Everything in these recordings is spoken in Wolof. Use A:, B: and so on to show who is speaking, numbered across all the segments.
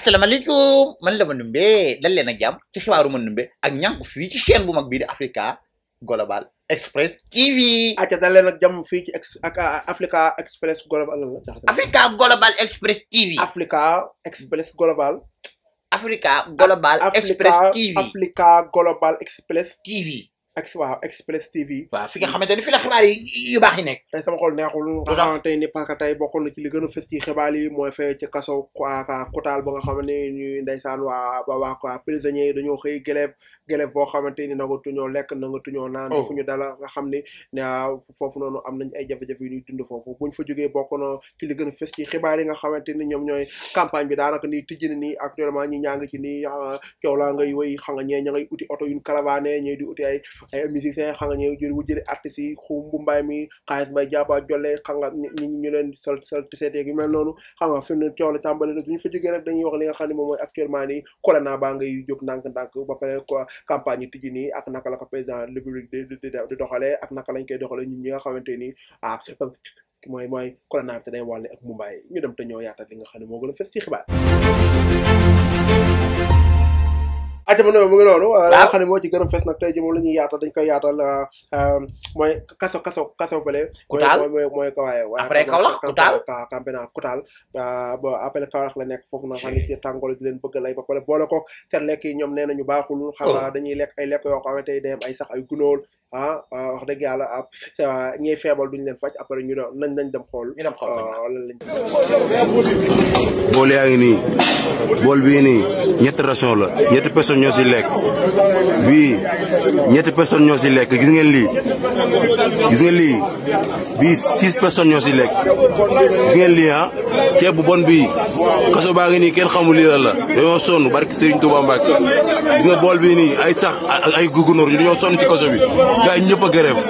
A: asalaamaaleykum man la ma numbe dal leen ak jàmm ci xibaaru ma numbe ak ñànku fii ci chaîne bu mag bii di Africa Global Express TV. ayca dal leen ak jàmm fii ci ak ah, Africa Express Global. Africa Global Express TV. Africa Express Global. Africa Global Express TV Africa Global Express TV. ex waaw Express TV. waaw nga xamante ni fi la xibaar yi yu baax yi nekk. tey sama xol neexul. na ci li gën a fës ci xibaar yi mooy fee ci ka kutaal ba nga xam ne ñuy ndeysaan waa ba waa quoi prisonniers yi dañoo xëy grève grève boo xamante ni nangu tuñoo lekk nangu tuñoo na oh. fu ñu dala nga xam ni ah, foofu noonu am nañ ay jafe-jafe yu ñuy dund foofu buñ fa jógee bokk na ci li gën a fës ci xibaar yi nga xamante ni ñoom ñooy campagne bi daanaka ni tijji na nii actuellement ñi ñaa ngi ci nii ah, coow laa ngay wéy xam nga ngay uti oto yuñ caravane ñee di ay musiciens xam nga ñëw jël wu jëli artistes yi xu mbumbaay mi xaalis bay jaaba jolle xam nga ñi ñu leen sol sol tiseet yeeg yu mel noonu xam nga fi mu tàmbali na ñu dañuy wax li nga xam ne moom mooy actuellement nii corona baa ngay jóg ndànk-ndànk ba pare quoi campagne yi ak naka la ko président république di di doxalee ak naka lañ koy doxalee ñun ñi nga xamante nii ah mooy mooy corona bi te day wàlle ak mbumbaay ñu dem te ñëw yaatal li nga xam ne moo gën a ci xibaar aca ma ne mu ngi noonu la xam ne moo ci gën a fees nag tey ji moom la ñuy yaatal dañ ah, ah, mooy kaso kaso kaso fële kutaal mooy mooy waaye après Kaolack kutaal kutaal ah, bo la nekk foofu na xam ne ci tàngoor di lay ba pare boole kook seen yi ñoom nee nañu baaxul xam oh. dañuy lekk ay lekk yoo xamante day am ay sax ay gunóor Ah, ah wax dëgg yàlla ah, ah ñiy feebal duñ leen fac après ñu doon nañ nañ dem xool. ñu dem xool ah, bool yaa ngi nii bool bi ni ñetti ration la ñetti personnes ñoo si lekk bi ñetti personnes ñoo si lekk gis ngeen lii gis ngeen li bi six personnes ñoo si lekk gis ngeen lii ah ceeb bu bon bii kaso baa ngi nii kenn xamul lii la la dañoo sonn barki Serigne Touba Mbacke bool bii nii ay sax ay gugunóor ñu dañoo sonn ci kaso bi. gars yi ñëpp a grève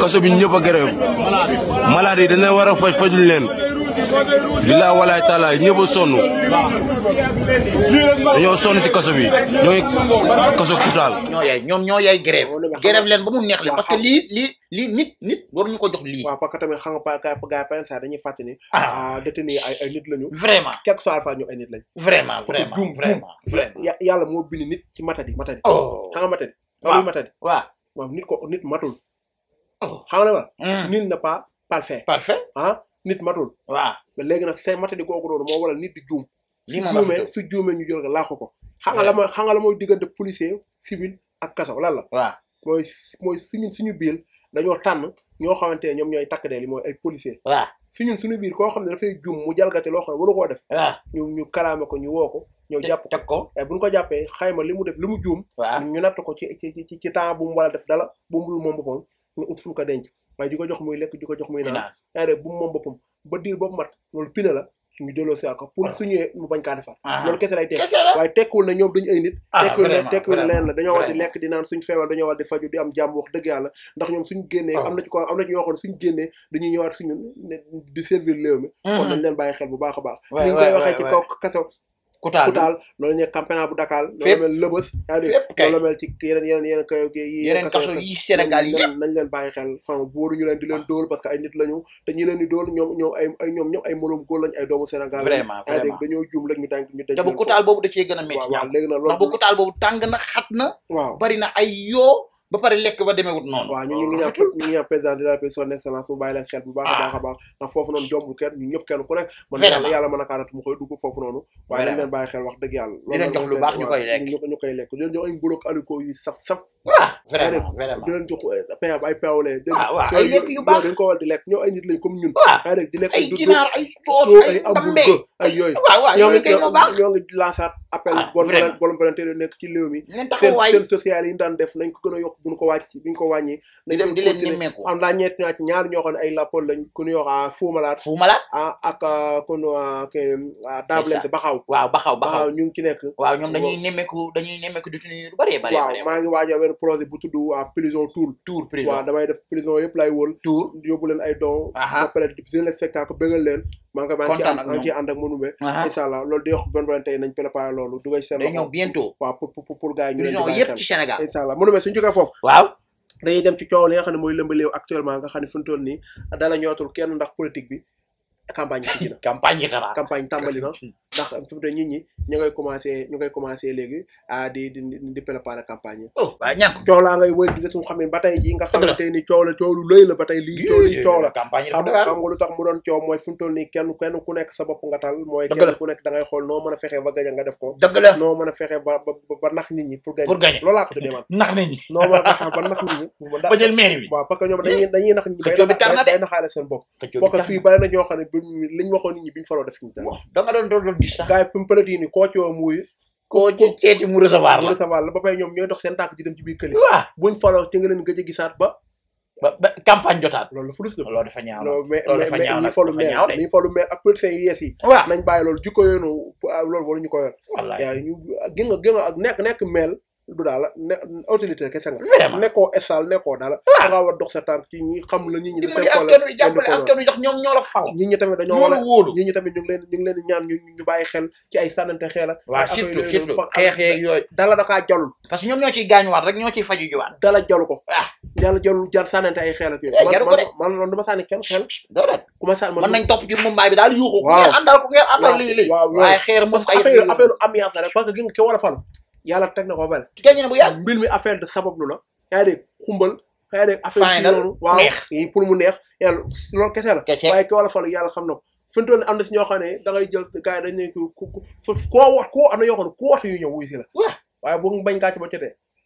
A: kaso bi ñëpp a grève malade yi war a faj fajuñ leen bilaa walaay taalaay ñëpp a sonn dañoo sonn ci kaso bi ñooy kaso kutaal. ñoo yaay ñoom ñoo yaay grève grève leen ba mu neex leen parce que lii lii lii nit nit ñu ko jox lii. waaw parce que tamit xam nga gars yi par exemple dañuy ah. Ah, lañu. vraiment quelque soit alpha ñu ay lañu. vraiment vraiment moo bind nit ci matadi matadi. Oh. xam nga matadi. matadi waaw. waaw nit ko nit matul. Oh, xam nga ma. Hmm. nit na pas parfait. parfait ah, nit matul. waaw léegi nag say matadi googu noonu moo waral nit juum. lii ma juumee su juumee ñu jël ko laax ko. xam nga la mooy xam nga la mooy diggante policier civil ak kaso lan la. waaw mooy mooy suñu suñu biir dañoo tànn ñoo xamante ne ñoom ñooy takk deel yi mooy ay policier. waaw si ñun suñu biir koo xam ne dafay juum mu jalgati loo xam ne waru koo def. waaw ñu ñu kalaame ko ñu woo ko. ñëw jàpp teg ko eh, bu ñu ko jàppee xayma li mu def li mu juum ñu natt ko ci temps bu mu war a def dala bu mu moom boppam ñu ut fu mu ko denc waaye jox muy lekk jox muy naan yaa eh, bu la ñu delloo si ko pour ah. su ñëwee mu bañ kaa defar ah. loolu kese lay tekk waaye tekkul na ñoom duñu ay nit ah, tekkul ne tekkul ne dañoo war di lekk di naan suñu feewal dañoo war di faju di am jàmm wax dëgg yàlla ndax ñoom suñu génnee am na ci ko am na ci ñoo xam ne suñu génnee dañuy ñëwaat suñu di servir léew mi mm-hmm. kon nañ leen bàyyi xel bu baax a baax ñu ngi waxee Koutal Koutal noonu la ñu campagnat bu Dakar. fépp noonu la mel Lëbës. fépp kay kaso yi Sénégal yi yëpp nañ leen bàyyi xel xam nga booru ñu leen di leen ah. parce que ay nit lañu te ñi leen ñoom ñoom ay ay ñoom lañ ay doomu Sénégal vraiment vraiment dégg juum rek ñu daan ñu dañ te boobu da a métti waaw léegi nag loolu ndax bu Koutal boobu tàng na xat na waaw bari na ba pare lekk ba demee wut noonu. waaw ñu ñu ñaan ñu ñaan président de la République excellence mu bàyyi leen xel bu baax ah. baax a baax noonu jombul kenn ñu koy dugg ñu koy lekk ñu ah, koy lekk ñoo ay nit lañ comme ñun waaye nag di lekk ay ginaar ay soos ay hamburger ay yooyu appel bon bonne volonté la nekk ci réew mi seen seen yi ñu def nañ ko a yokk bu ñu ko wàcc bu ñu ko wàññee nañ dem di ñeet ñaar ñoo xam ne ay lapol lañ ku ñu wax ah, Fou Malade Fou Malade ah ak kon k Dablente Baxaw waaw Baxaw Baxaw ñu ngi ci nekk waaw ñoom dañuy nemmeeku dañuy nemmeeku di tuñu lu bëree bëri waaw maa ngi waajal benn projet bu tudd waa ah, prison tour tour prison waaw def prison yëpp lay wóol tour yóbbu leen ay don ba pare di spectacle bëggal leen maa ngi koy maa ngi ciy ànd ak Manoumbe. incha allah loolu di wax waaw pour pour pour gars yi ñu ci Sénégal incha allah Manoumbe suñu jógee foofu. waaw dañuy dem ci coow li nga xam ne mooy lëmbaléew actuellement nga xam ne fi mu toll nii dala ñootul kenn ndax politique bi campagne bi na ndax fi mu ñi ñu ngay commencé léegi di di di préparer yi. oh waaw ñàkk coow laa di suñu xam ba tey jii nga xamante ni coow la coow la xam nga lu tax mu doon coow mooy fi nii kenn ku nekk sa bopp nga tal mooy kenn ku nekk da xool noo mën a fexe ba gañ nga def ko noo mën a fexe ba ba nax nit ñi pour gañ loolu ko tuddee man nax nit ñi noo ba nax nit ñi ba jël mairie bi waaw parce dañuy nax nit ñi day naxaale seen li ñu waxoon faloo def ñu dara. waaw da nga doon doon gis sax. gars yi fi mu përët yi nii koo ci woo mu wuyu. koo ci seeti mu recevoir la mu ba pare ñoom ñooy dox seen tànk di buñ faloo ci nga a gisaat ba. ba ba campagne jotaat. loolu la fulus la loolu falu maire ak politiciens yi yees nañ bàyyi loolu jikko yoonu ah, loolu ñu gën nga gën nga ak nekk nekk du daal ne autorité kese nga. vraiment nekkoo esal nekkoo daal. Ah. waaw a war dox sa tànk ñi xam la ñi ñi tamit dañoo war a ñi ñi tamit ñu ngi xel ci ay sànnante xel ak. waaw jalul. parce que ñoom ñoo ciy gaañuwaat rek ñoo ciy faju juwaat. jalu ko. waaw dala jalu ay xel ak eh, man man man du ma xel. déedéet ku ma man nañ topp ci mumbaay bi daal yuuxu. waaw ngeen àndal ko ngeen àndal lii lii. waaw xeer moom ay affaire affaire rek parce que ki war a yàlla teg na ko ba pare. gagné na mi affaire de sabablu la. yaa ngi dégg xumbal. yaa affaire bi noonu waaw pour mu neex. yàlla loolu kese la. kese waaye ki wala fal yàlla xam na ko. fi mu am na si ñoo xam ne da ngay jël gars yi dañ ne ku ku koo na ñoo xam ne koo yu ñëw wuyu si la. waaw bañ gàcce ba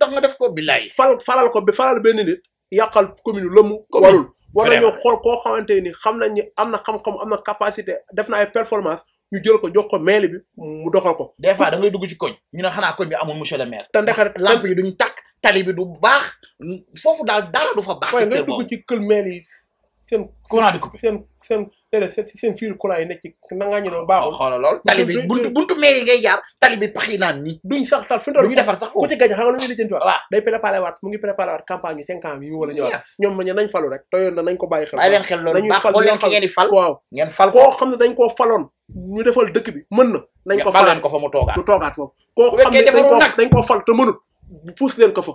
A: tax nga def ko billaay fal falal ko bi falal benn nit yàqal commune lu mu warul war nañoo xool koo xamante ni xam nañ ni am na xam-xam am na capacité def na ay performance ñu jël ko jox ko maire bi mu doxal ko des fois da ngay dugg ci koñ ñu ne xanaa koñ bi amul monsieur le maire te ndexet lamp yi duñ tàkk tali bi du baax foofu daal dara du fa baax nga dugg ci kël maire yi seen courant di coupé seen seen léeg-léeg seen seen fiir courant yi nekk ci nangañu noonu baaxul oh, xoolal lool buntu buntu maire yi ngay jaar bi pax yi duñ sax tal fi ñu defar sax ku ci gañ xam ñu war a ñëwaat ñoom ma ñu nañ ko xam ne dañ koo faloon ñu defal dëkk bi mën na nañ koo fal te mënut pousse leen ko fa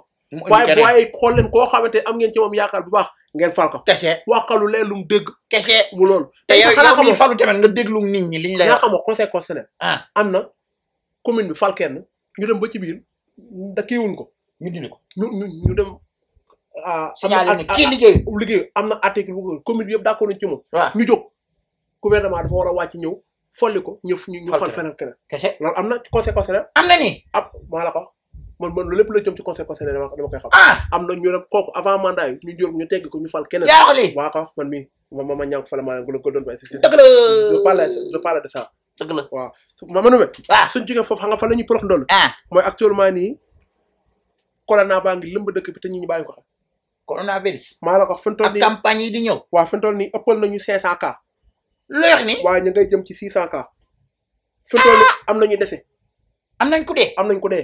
A: waaye xool leen koo xamante am ngeen ci moom yaakaar bu baax ngeen fal ko. kese waxalu leen lu mu dégg. kese mu loolu. te yow yow miy falu tamit nga déglu nit ñi liñ lay wax. nga xam conseil constitutionnel. Ah. am na commune bi fal kenn ñu dem ba ci biir da kiiwuñ ko. ñu dindi ko ñu ñu ñu dem. Ah, signalé ni kii liggéey ah, liggéey am na article bu commune bi yëpp d'accord nañ ñu jóg gouvernement dafa war a wàcc ñëw folli ko ñu ñu fal feneen keneen. kese loolu am na conseil constitutionnel. am na ni ab maa la man man lépp la jëm ci conseil conseil dama dama koy ah! am na ñu ne kooku avant mandat yi ñu jur ñu tegg ko ñu fal keneen. yaa wax lii waaw waaw man mii man man man ñàkk fa baa ngi lëmb dëkk bi te ñi ñu ko xam. coronavirus. la ko fi mu toll nii ak campagne yi di ñëw. waaw nii ëppal nañu 500 cas. loo ni. waaw ñu ngay jëm ci 600 cas. fi mu toll nii ah! am nañu dese. am nañ ku dee am nañ ku dee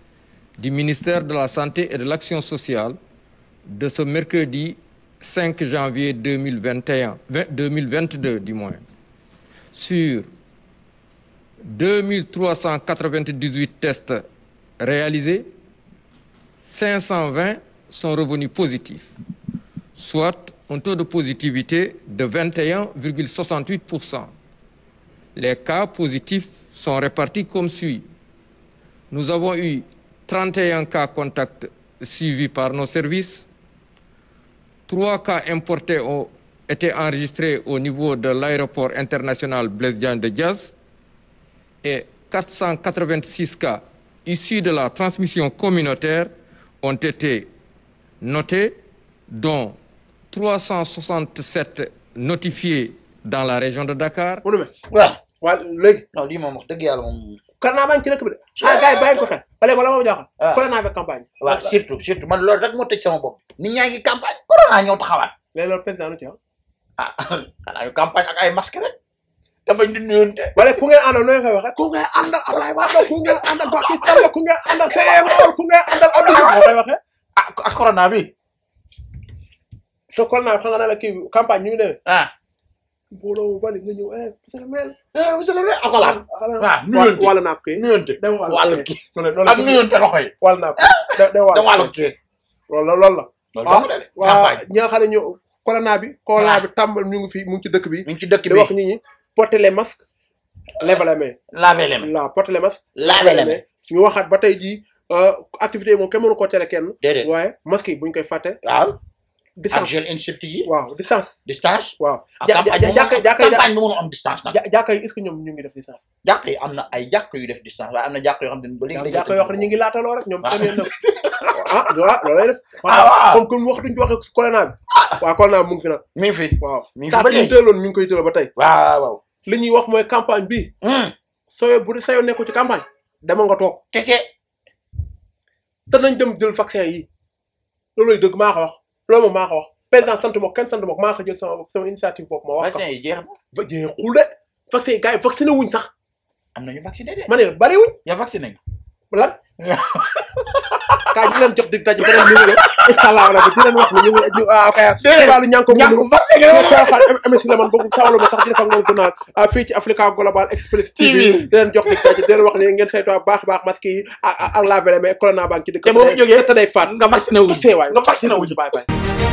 B: du ministère de la Santé et de l'Action sociale de ce mercredi 5 janvier 2021, 2022 du moins, sur 2398 tests réalisés, 520 sont revenus positifs, soit un taux de positivité de 21,68%. Les cas positifs sont répartis comme suit. Nous avons eu 31 cas contacts suivis par nos services. 3 cas importés ont été enregistrés au niveau de l'aéroport international Blaise de Gaz. et 486 cas issus de la transmission communautaire ont été notés, dont 367 notifiés dans la région de Dakar. Voilà.
A: corona baa ngi ci dëkk bi de a ah, ah, gars yi ah, bàyyi ko xel wala ay masque rek. te bañ nga ne la kii campagne ñu ngi demee. ah. mbooloo mu bari nga ñëw eh monsieur loxo yi. wàll naa ko dem wàll kii. loolu la. loolu la ah, waa ñi ñoo corona bi. corona ah. bi tàmbal ñu ngi fi mu ngi ci dëkk bi. mu ngi ci dëkk bi di wax nit ñi porter les masques. laver les mains. laver les mains. waaw porter ñu waxaat ba tey jii euh, activité yi moom kenn mënu ko tere kenn. déedéet waaye masques yi buñ koy fàtte. waaw. distance ak gel incept yi. waaw distance. distance waaw. ja campagne bi mën a am distance nag. jàkka yi est-ce que ñoom ñu ngi def distance. jàkka yi am na ay jàkka yu def distance waaye am na jàkka yoo xam ne ba léegi. jàkka yoo xam ne ñu ngi laataloo rek ñoom. ah, ah loolay def. ah waaw comme comme wax duñ ko waxee corona bi. Ah. waaw corona bi mu ngi fi nag. mi ngi fi waaw. mi ngi fi ba léegi saa bi ñu tëloon ñu ngi koy tëloo ba tey. waaw waaw. li ñuy wax mooy campagne bi. Hmm. sooy bu sayoo nekkul ci campagne. dama nga toog kese. te nañ dem jël vaccin yi loolooy dëgg maa ko wax loolu moom maa ko wax président sant ma kenn sant ma maa ko jël sama sama initiative boobu ma wax. vaccin yi jeex na de. vaccin yi gars yi sax. am na ñu vacciné de. ma ne la yaa vacciné lan. kaay ñu leen jox dig daje beneen numéro incha allah rabbi di leen wax ne ñu ngi ñu waaw ah, kay. déedéet wàllu ñànku ñànku ba segg la ko xal émission sax dina fa ngoon journal ah, fii ci Africa Global Express TV di leen jox dig daje di leen wax ne ngeen a baax baax masque yi ak ak laver mais corona baa ngi ci dëkk. te boo fi jógee day faat nga vacciné wu nga vacciné wu